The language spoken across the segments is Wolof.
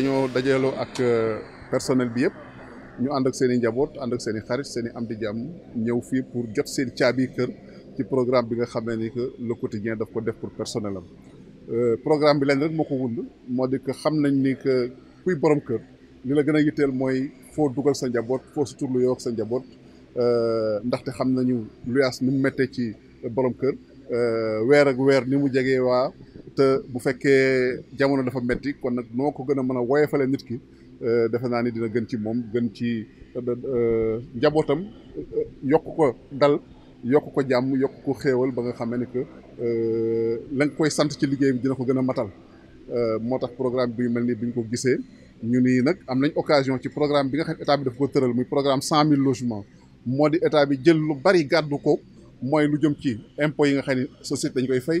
dañu dajelo ak euh, personnel bi yëpp ñu and ak seen njabot and ak seen xarit seen i am di jàmm pour jot seen caabi kër ci programme bi nga xamé ni que le quotidien daf ko def pour personnel am euh, programme bi lén rek moko wund modi que xam nañ ni que kuy borom kër li la gëna yittel moy fo duggal dugal sa njabot fo suturlu yow ak sa njaboot euh, ndaxte xam nañu luyas ni mu méttee ci borom kër weer ak weer ni mu jégué wa te bu fekkee jamono dafa metti kon nag noo ko gën a mën a woyofale nit ki euh, defe naa ni dina gën ci moom gën ci euh, euh, njabootam yokk ko dal yokk ko jàmm yokk ko xéewal ba nga xamee ni que la nga koy sant ci liggéey bi dina ko gën a matal moo tax programme bi mel ni bi ñu ko gisee ñu nii nag am nañ occasion ci programme bi nga xam état bi dafa ko tëral muy programme cent mille logements moo di état bi jël lu bari gàddu ko mooy lu jëm ci impôt yi nga xam ne société dañ koy fay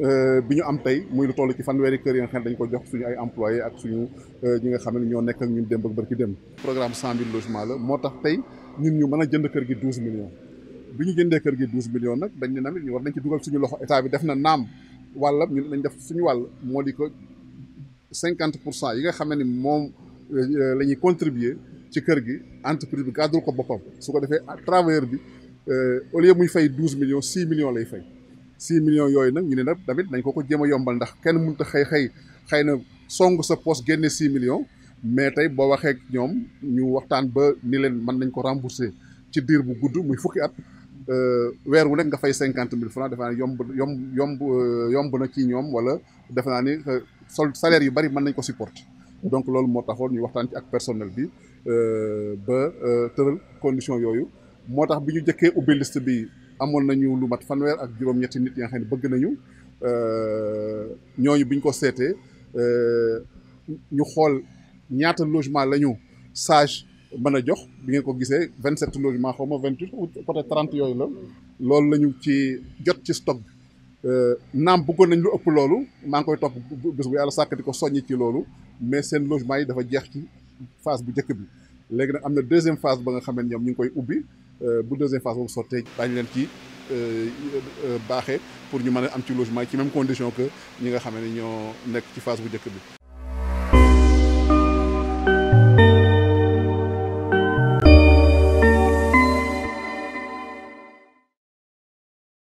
Euh, bi ñu am tey muy lu toll ci fanweeri kër yi nga xam ne dañ ko jox suñu ay employé ak suñu euh, ñi nga xam ne ñoo nekk ak ñun démb ak barki démb programme cent mille logements la moo tax tey ñun ñu mën a jënd kër gi douze millions bi ñu jëndee kër gi douze millions nag dañ ne namit ñu war nañ ci dugal suñu loxo bi def na naam wàllam ñun nañ def suñu wàll moo di ko cinquante pour cent yi nga xam ni moom euh, la ñuy contribuer ci kër gi entreprise bi gàddul ko boppam su ko defee travers bi au lieu muy fay douze millions six millions lay fay six millions yooyu nag ñu ne nag tamit nañ ko ko jéem a yombal ndax kenn mënut a xëy xëy xëy na song sa poste génne six millions mais tey boo waxee ak ñoom ñu waxtaan ba ni leen mën nañ ko rembourser ci diir bu gudd muy fukki at euh, weer wu nekk nga fay cinquante mille francs defe naa ni yomb yomb euh, yomb na ci ñoom wala defe naa euh, sol salaire yu bari mën nañ ko supporter donc loolu moo taxoon ñu waxtaan ci ak personnel bi ba tëral condition yooyu moo tax bi ñu jëkkee ubbi liste amoon nañu lu mat fanweer ak juróom-ñetti nit yi nga xam ne bëgg nañu euh, ñooñu bi ñu ko seetee euh, ñu xool ñaata logement la ñu sage mën a jox bi ngeen ko gisee vingt sept logement xaw ma vingt huit ou peut yooyu la loolu la ñu ci jot ci stock bi euh, naam bëggoon nañ lu ëpp loolu maa ngi koy topp bés bu yàlla sàkkati ko soññi ci loolu mais seen logement yi dafa jeex ci phase bu njëkk bi léegi nag am na deuxième phase ba nga xam ne ñoom ñu ngi koy ubbi Euh, bu deuxième phase boobu sottee daañu leen ci euh, euh, baaxee pour ñu mën a am ci logement ci même condition que ñi nga xam ne ñoo nekk ci phase bu njëkk bi.